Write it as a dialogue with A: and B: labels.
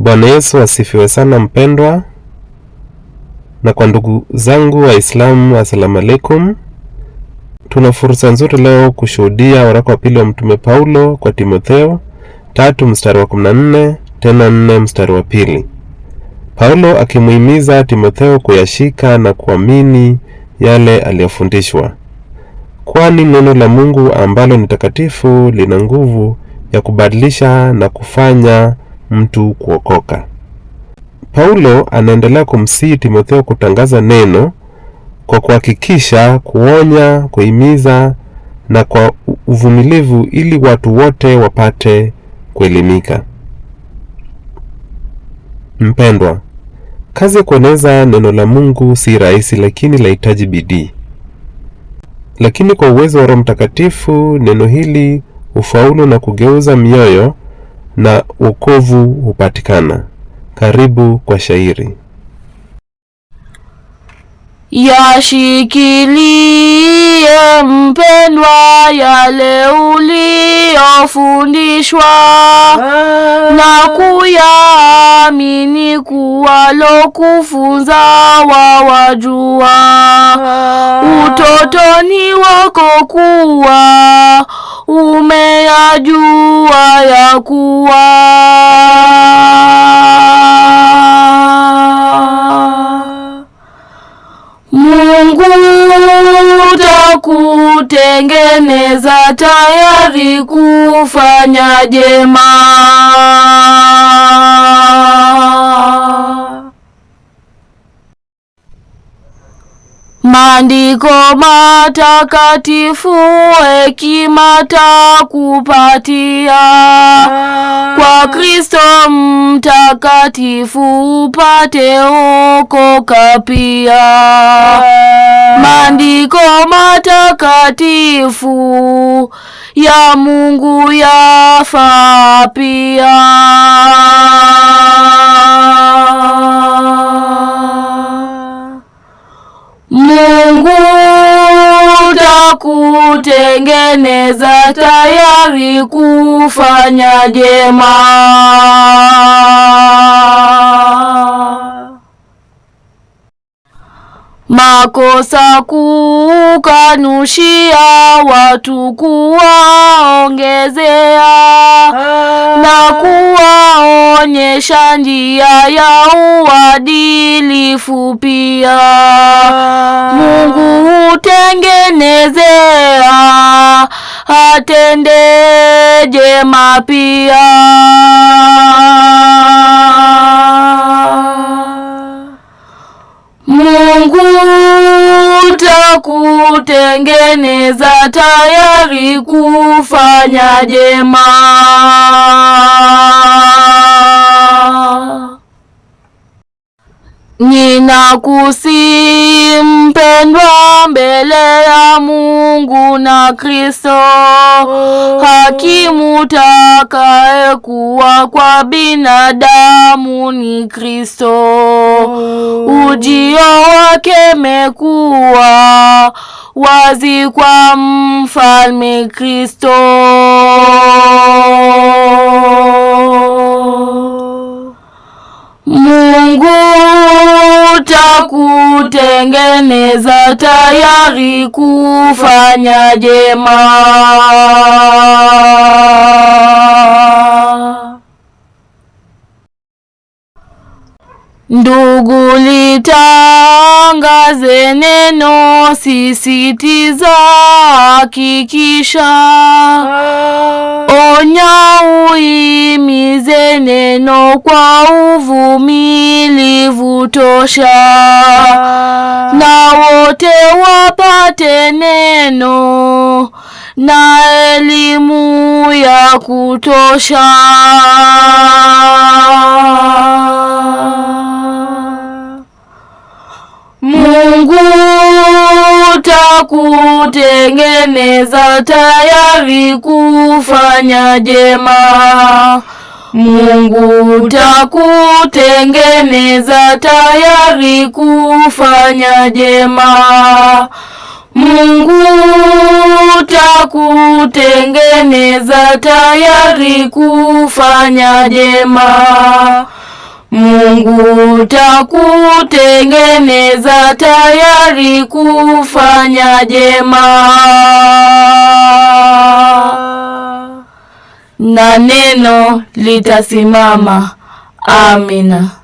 A: Bwana Yesu asifiwe sana mpendwa, na kwa ndugu zangu Waislamu, assalamu alaikum. Tuna fursa nzuri leo kushuhudia waraka wa pili wa Mtume Paulo kwa Timotheo tatu mstari wa 14 tena nne mstari wa pili, Paulo akimuhimiza Timotheo kuyashika na kuamini yale aliyofundishwa, kwani neno la Mungu ambalo ni takatifu lina nguvu ya kubadilisha na kufanya mtu kuokoka. Paulo anaendelea kumsihi Timotheo kutangaza neno kwa kuhakikisha, kuonya, kuhimiza na kwa uvumilivu ili watu wote wapate kuelimika. Mpendwa, kazi ya kueneza neno la Mungu si rahisi, lakini lahitaji bidii. Lakini kwa uwezo wa Roho Mtakatifu, neno hili ufaulu na kugeuza mioyo na wokovu hupatikana. Karibu kwa shairi.
B: Yashikilie mpendwa, yale uliyofundishwa na kuyaamini, kuwalokufunza wawajua, ah. utotoni wako kuwa umeyajua ya kuwa Mungu takutengeneza tayari kufanya jema. Maandiko matakatifu hekima takupatia, ah. kwa Kristo mtakatifu upate okoka pia. Ah. Maandiko matakatifu ya Mungu yafaa pia. Mungu takutengeneza tayari kufanya jema. makosa kukanushia watu kuwaongezea ah. na kuwaonyesha njia ya uadilifu pia. Ah. Mungu hutengenezea atende jema pia. kutengeneza tayari kufanya jema. Ninakusihi mpendwa, mbele Mungu na Kristo, oh. hakimu kuwa kwa binadamu ni Kristo. Oh. Ujio wake mekuwa wazi kwa mfalme Kristo. Oh. Mungu takuwa kutengeneza, tayari kufanya jema. Ndugu, litangaze neno, sisitiza, hakikisha Ponya uimize neno kwa uvumilivu tosha, ah. na wote wapate neno na elimu ya kutosha. meza tayari kufanya jema. Mungu takutengeneza tayari kufanya jema. Mungu takutengeneza tayari kufanya jema. Mungu takutengeneza tayari kufanya jema, na neno litasimama. Amina.